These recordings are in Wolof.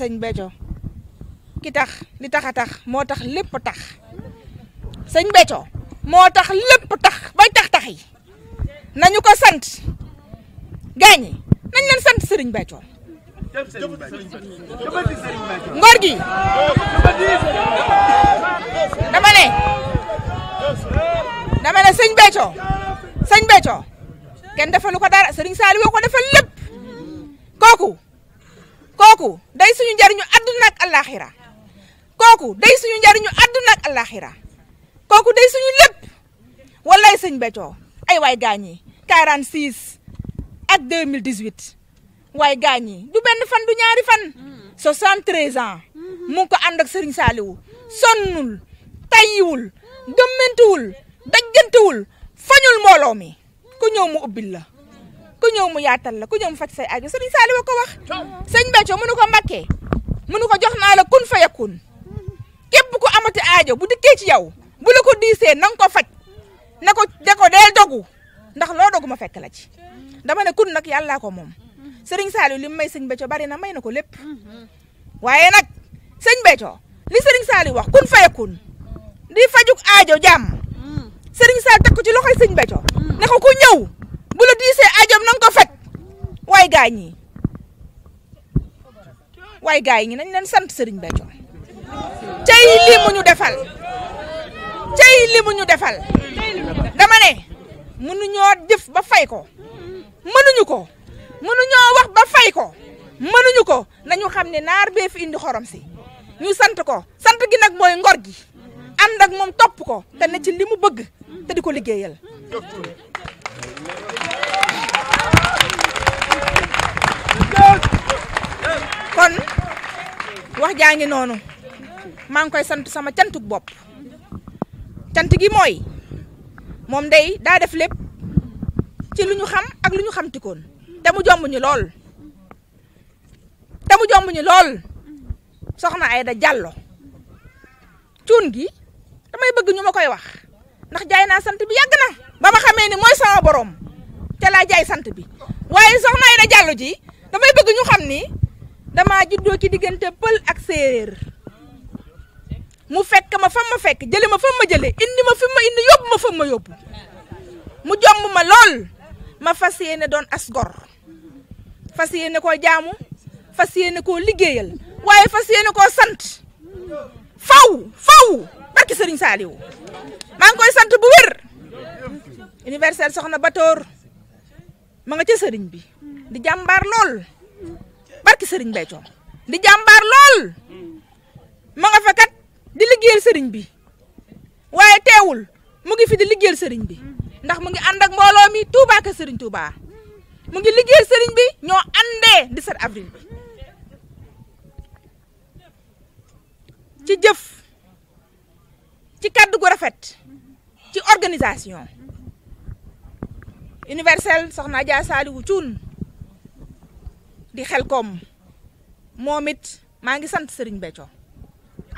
sëñ Béthio ki tax li tax a tax moo tax lépp tax sëñ Béthio moo tax lépp tax bay tax tax yi nañu ko sant gaañi nañ leen sant sëriñ Béthio ngor gi dama ne dama ne sëñ Béthio sëñ Béthio kenn defalu ko dara sëriñ Saliou ko defal lépp kooku kooku day suñu njariñu àdduna ak àllaaxira kooku day suñu njariñu àdduna kooku day suñu lépp sëñ Béthio ay waay gaañ yi 46 ak 2018 waay gaañ yi du benn fan du ñaari fan 73 ans mu ngi ko ak Serigne Saliou sonnul tayyiwul gëmmantiwul dajjantiwul fañul mbooloo mi ku ñëw mu ubbil la ku ñëw mu yaatal la ku ñëw mu faj say aajo sëriñ Saaliw a ko wax sëñ Béthio mënu ko mbakkee mënu ko jox naa la kun fayakun képp ku amati aajo bu dikkee ci yow bu la ko diisee na nga ko faj na ko da ko deel dogu ndax loo dogu ma fekk la ci dama ne kun nag yàllaa ko moom sëriñ Saaliw li mu may sëñ Béthio bari na may na ko lépp waaye nag sëñ Béthio li wax kun fayakun di fajuk aajo jam sëriñ Saaliw takk ci loxoy sëñ Béthio ne ko bu la diisee ajam nang ko faj way gaay ñi way gaay ñi nañ leen sant sëriñ Béthio tay li mu ñu defal tay li mu ñu defal dama ne ñoo def ba fay ko mënuñu ko ñoo wax ba fay ko mënuñu ko nañu xam nar be fi indi xorom si ñu sante ko sante gi nak moy ngor gi and ak mom top ko te ne ci limu bëgg te di liggéeyal wax jaa ngi noonu maa ngi koy sant sama cantuk bopp cant gi mooy moom day daa def lépp ci lu ñu xam ak lu ñu xamtikoon te mu jomb ñu lool te mu jomb ñu lool soxna Aida Diallo cuun gi damay bëgg ñu ma koy wax ndax jaay naa sant bi yàgg na ba ma xamee ni mooy sama borom te laa jaay sant bi waaye soxna Aida Diallo ji damay bëgg ñu xam ni dama juddoo ci diggante pël ak séeréer mu fekk ma fam ma fekk jële ma fam ma jële indi ma fi ma indi yóbbu ma fam ma yóbbu mu jomb ma lool ma fas yéene doon as gor fas yéene koo jaamu fas yéene koo liggéeyal waaye fas yéene koo sant faw faw barki sëriñ Saaliw maa koy sant bu wér universel soxna Batoor ma nga ca sëriñ bi di jàmbaar lool barki Serigne Béthio di jambar lol ma nga fa kat di liggéeyal Serigne bi waye teewul mu ngi fi di liggéeyal Serigne bi ndax mu ngi and ak mbolo mi Touba ka Serigne Touba mu ngi liggéeyal Serigne bi ñoo àndee 17 avril ci jëf. ci kaddu gu rafet ci organisation universel soxna Dia saliwu Thioune di xel koom moom it maa ngi sant Serigne Béthio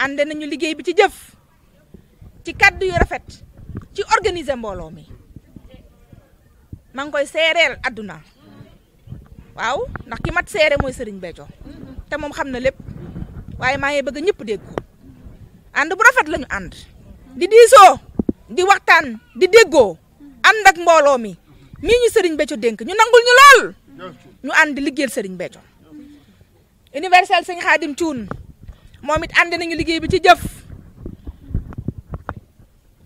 ànd nañu liggéey bi ci jëf ci kàddu yu rafet ci organiser mbooloo mi maa ngi koy seereel àdduna waaw ndax ki mat seere mooy Serigne Béthio te moom xam na lépp waaye maa ngi bëgg ñëpp dégg ko ànd bu rafet lañu ànd di diisoo di waxtaan di déggoo ànd ak mbooloo mi mii ñu Serigne Béthio dénk ñu nangul ñu lool ñu ànd liggéeyal Serigne Béthio universel sëñ Xaadim Cuun moom it ànd nañu liggéey bi ci jëf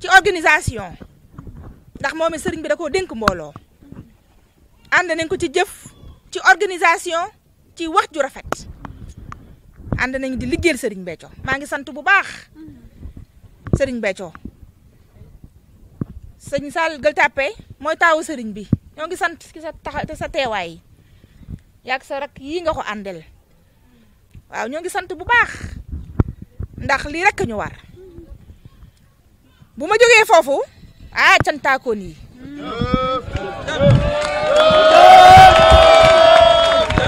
ci organisation ndax moom it sëriñ bi da dénk mbooloo ànd nañ ko ci jëf ci organisation ci wax ju rafet ànd nañu di liggéeyal Serigne Béthio maa ngi sant bu baax sëriñ Béthio sëñ Sall Gueule Tapée mooy taaw sëriñ bi ñoo ngi sant ci sa taxa sa teewaay Yak sa rek yi nga ko andel waaw ñoo ngi sant bu baax ndax li rek ñu war joge fofu a cianta ah ni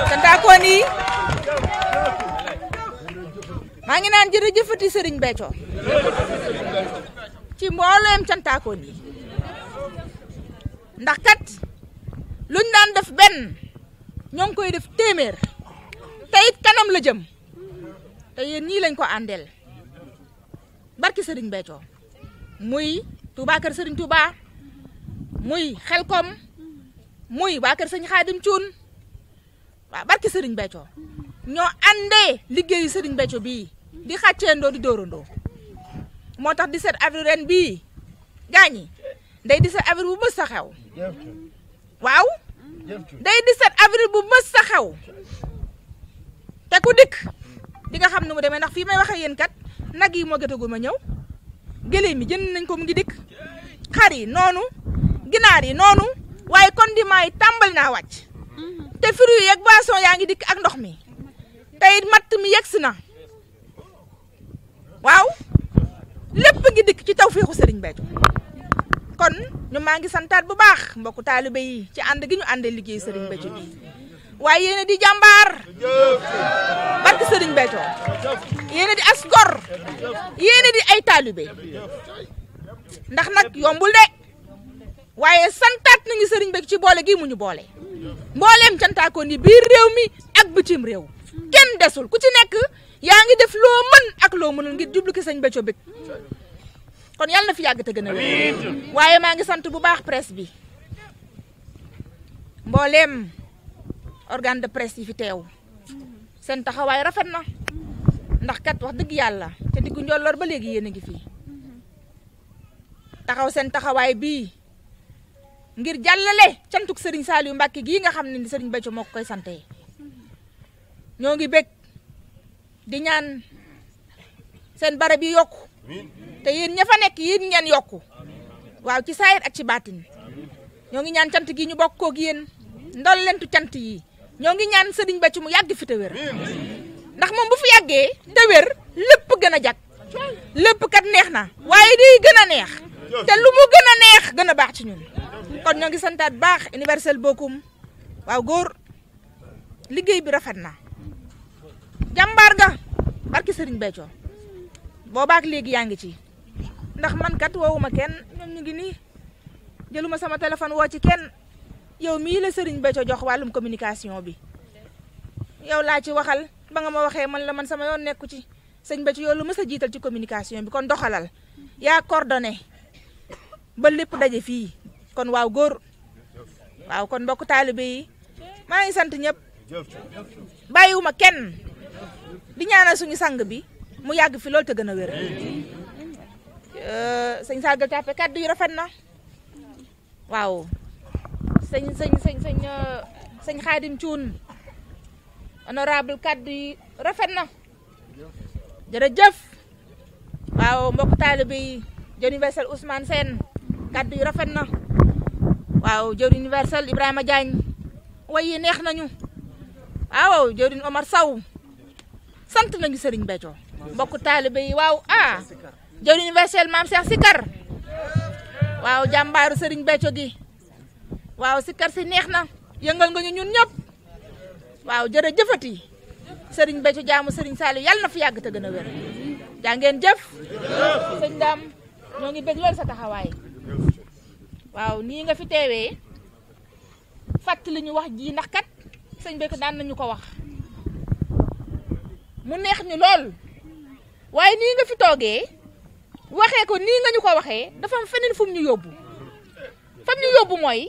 cianta ko ni ma ngi naan jërëjëfati sëriñ Béthio ci cianta ko ni ndax kat luñ daan def ben ñoo ngi koy def téeméer te it kanam la jëm te lañ ko àndeel barki sëriñ Béthio muy Touba kër sëriñ Touba muy xelkom muy waa kër sëriñ Xaadim Cuun waaw barki sëriñ Béthio ñoo àndee liggéeyu sëriñ Béthio bi di xàcceendoo di dóorandoo moo tax 17 avril ren bii gaañi ndey 17 avril bu mës sa xew day 17 avril bu mës sa xew te ku dikk di nga xam ne mu demee ndax fii may waxee yéen kat nag yi moo jotagul ma ñëw gëléem yi jënd nañ ko mu ngi dikk xar yi noonu ginaar yi noonu waaye condiment yi tàmbali naa wàcc te fruits yeeg boissons yaa ngi dikk ak ndox mi tey matt mi si na waaw lépp ngi dikk ci tawféexu Serigne Béthio kon ñu maa ngi santaat bu baax mbokku taalibe ci ànd gi ñu ànd liggéey sëriñ Béthio bi waaye yéen a di jàmbaar barki sëriñ di as gor yéen a di ay taalibe ndax waaye santaat nañu sëriñ Béthio ci boole gi mu boole mbooleem cantaakoon yi biir réew mi ak bitim réew kenn desul ku ci nekk yaa ngi def loo mën ak loo mënul ngir jublu ki sëñ Béthio bëgg kon yalla na fi yag te gëna a wér waaye maa ngi sant bu baax presse bi mbollem organe de presse yi fi tew sen taxaway rafet na ndax kat wax deug yalla te diggu ndolor ba legi yéen ngi taxaw sen taxaway bi ngir jallale cantuk Serigne Saliou Mbacke gi nga xamni Serigne beccio moko koy santé ñogi bekk di ñaan sen barab yi yokku te yeen ñafa nek yeen ngeen yokku waaw ci saayir ak ci batin ñoo Nyongi ñaan cant gi ñu bokk gi yeen ndol tu cant yi ñoo ñaan ba mu yagg fi te wér ndax mom bu fi yagge te wér lepp gëna jak lepp kat neexna na di gëna neex te lu mu gëna neex gëna a baax ci ñun kon ñoo santat universel bokum waaw goor liggey bi rafetna na ga barki sëriñ Béthio boobaak léegi yaa ngi ci ndax man kat woowuma ken ñom ñu ngi ni jëluma sama téléphone wo ci ken yow mi la sëriñ Béthio jox walum communication bi yow la ci waxal ba nga ma waxe man la man sama yoon nekku ci sëñ Béthio yow lu mësa jital ci communication bi kon doxalal ya coordonner ba lepp dajé fi kon waaw gor waaw kon mbokk taalibe yi ma ngi sant ñep bayiwuma kenn di ñaanal suñu sang bi mu yàgg fi loolu te gën a wér euh, sëñ Sargal Tappé yu rafet na waaw sëñ sëñ sëñ sëñ euh, sëñ Xaadim Cuun honorable kaddu yi rafet na jërëjëf waaw mbokk taalibe yi universel Ousmane Sène kaddu yu rafet na waaw jëwriñ universel Ibrahima Diagne way neex nañu waaw jëwriñ Omar Sow sant nañu Serigne Béthio mbokk talibé yi waw ah jeun universel mam Cheikh Sikar waw jàmbaaru Serigne Béthio gi waw Sikar si neex na yëngal nga ñun ñun waw jeure jeufati Serigne Béthio jaamu Serigne Saliou yalla na fi yag te gëna wër wér jaa ngeen jëf sëñ daam ñoo bëgg lool sa taxaway waw ni nga fi teewee fàttali ñu wax ji nakkat serigne sëñ daan nañu ko wax mu neex ñu lool waaye nii nga fi toogee waxee ko nii nga ñu ko waxee dafa am feneen fu ñu yóbbu fam ñu yóbbu mooy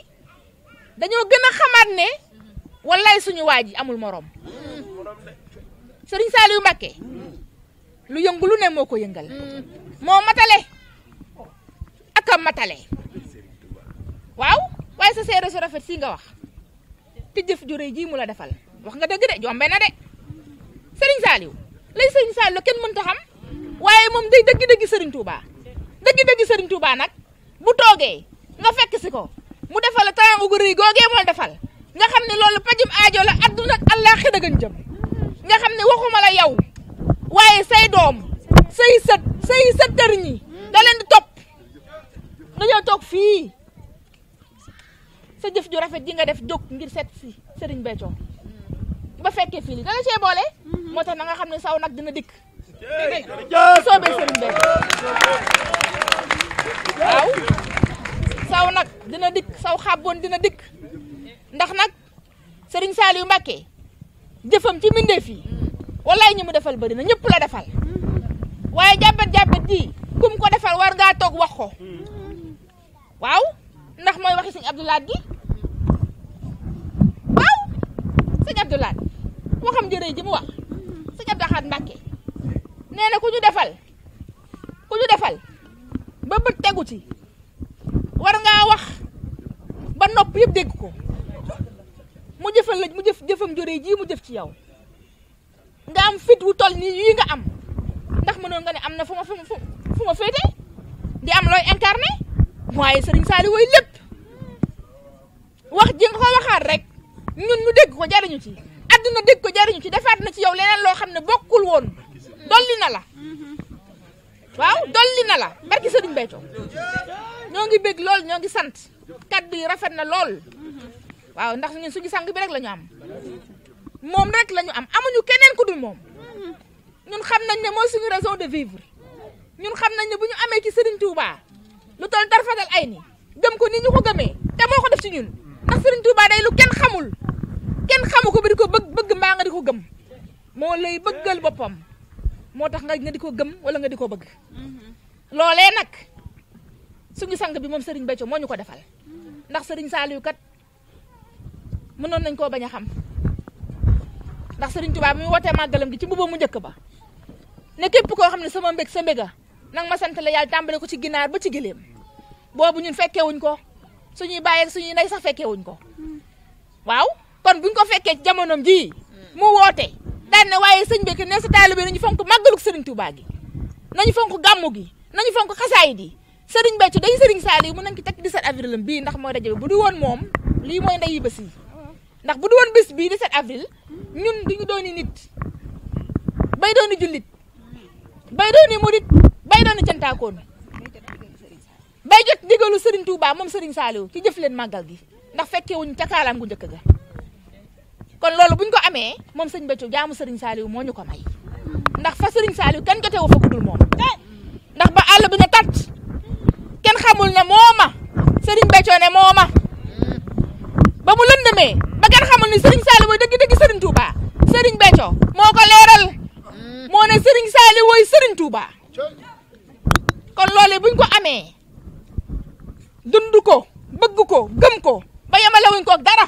dañoo gën a xamaat ne suñu waa amul morom Serigne Saliou Mbacké lu yëngu lu ne moo ko yëngal moo matale ak a matale waaw waaye sa seere su rafet si nga wax te jëf ju rëy mu la defal wax nga dëgg de jombe na de Serigne Saliou lay Serigne xam waye mom day deug deug Serigne Touba deug deug Serigne Touba nak bu toge nga fekk si ko mu defal la tawee gu rëy googee moo defal nga xamni lolou pajum aajo la ak allah xëy gën jëm nga xamni waxuma la yaw waye say dom say set say set ñi da leen di topp dañoo tok fi sa jëf ju rafet nga def dok ngir set si Serigne Béthio ba fekke fi li da la ci bolé mm-hmm. moo nga xamni saw nak dina dik soobee sëriñ bi waaw saw nag dina dikk saw xàbboon dina dikk ndax nag sëriñ Saliou Mbacké jëfam ci mbindeef yi wallaay ñi mu defal bëri na ñëpp la defal waaye jàppet jàppet ji kum ko defal war ngaa toog wax ko waaw ndax mooy waxi sëñ Abdoulaat gi waaw sëñ Abdoulaat waxam jërëjëf ji mu wax sëñ Abdou Ahad nee na ku ñu defal ku ñu defal ba bët tegu ci war ngaa wax ba nopp yëpp dégg ko mu jëfal la mu jëf jëfam jore jii mu jëf ci yow nga am fit wu toll nii yii nga am ndax mënoon nga ne am na fu ma fu fu ma féete di am looy incarné waaye Serigne Saliou woy lépp wax ji nga ko waxaat rek ñun ñu dégg ko jariñu ci àdduna dégg ko jariñu ci defaat na ci yow leneen loo xam ne bokkul woon dolli na la waaw dolli na la barki sëriñ Béthio ñoo ngi bég lool ñoo ngi sant kaddu yi rafet na lool waaw ndax ñun suñu sang bi rek la am moom rek la am amuñu keneen ku moom ñun xam nañ ne mooy suñu raison de vivre ñun xam nañ ne bu ñu amee ci sëriñ Touba lu toll tarfatal ay ni gëm ko ni ñu ko gëmee te moo ko def ci ñun ndax sëriñ Touba day lu kenn xamul kenn xamu ko ba di ko bëgg bëgg mbaa nga di ko gëm moo lay bëggal boppam moo tax nga nga di ko gëm wala nga di ko bëgg. Mm-hmm. loolee nag suñu sang bi moom Serigne Béthio moo ñu ko defal ndax Serigne Saliou kat mënoon nañ ko bañ a xam ndax Serigne Touba mi wootee màggalam gi ci mbubbam mu njëkk ba ne képp koo xam ne sama mbeg sa mbéga nag ma sant la yàlla tàmbale ko ci ginaar ba ci gëléem boobu ñun fekkewuñ ko suñuy bàyyeeg suñuy ndey sax fekkewuñ ko mm-hmm. waaw kon buñ ko fekkee ci jamonoom jii mu woote. daan waaye sëñ bi ne sa taalibe nañu fonk màggalug sëriñ Tuubaa gi nañu fonk gàmmu gi nañu fonk xasaay di sëriñ Béthio day sëriñ Saliou mën nañ ko teg 17 avril am bii ndax mooy rajo bu du woon moom lii mooy ndeyu bés yi ndax bu du woon bés bii 17 avril ñun duñu dooni nit bay dooni jullit bay dooni murit bay dooni cantaakoon bay jot digalu sëriñ Touba moom sëriñ Saliou ci jëf leen màggal gi ndax fekkee wuñ ca kaalaam gu njëkk ga kon loolu buñ ko amee moom sëñ Béthio jaamu sëriñ Saliou moo ñu ko may ndax fa sëriñ Saliou kenn jotewu fa ku dul moom ndax ba àll bi ne tat kenn xamul ne mooma sëriñ Béthio ne mooma ba mu lëndëmee ba kenn xamul ne sëriñ Saliou mooy dëgg-dëgg sëriñ Touba sëriñ Béthio moo ko leeral moo ne sëriñ Saliou mooy sëriñ Touba kon loolu buñ ko amee dund ko bëgg ko gëm ko ba yemalewuñ ko dara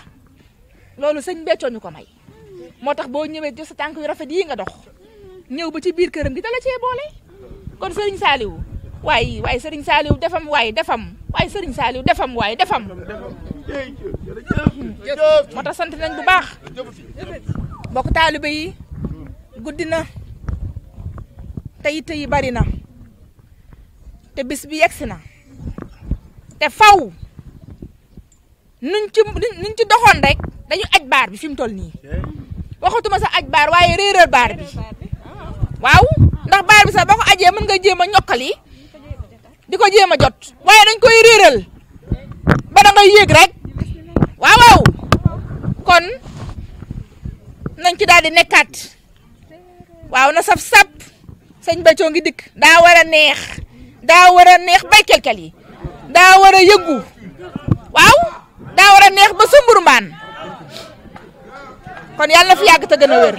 loolu sëñ beccoo ñu ko may moo tax boo ñëwee jël sa tànk yu rafet yii nga dox ñëw ba ci biir këram gi dala cee boole kon sëriñ saaliw waaye waaye sëriñ saaliw defam waaye defam waaye sëriñ saaliw defam waaye defam moo tax sant nañ bu baax bokk taaliba yi guddi na te yitte bari na te bis bi yegsi na te faw nuñ ci nuñ rek dañu aj baar bi fi mu toll nii waxatuma sa aj baar waaye réeral baar bi waaw ndax baar bi sax boo ko ajee mën nga jéem a ñokkal yi di ko jéem jot waaye dañ koy réeral ba da ngay rek waaw waaw kon nañ ci daal di nekkaat waaw na saf sap sëñ Béthio ngi dikk daa war a neex daa war a neex bay kelkel yi daa war a waaw daa war a neex ba sumburumbaan kon yàlla na fi yàgg te gën a wér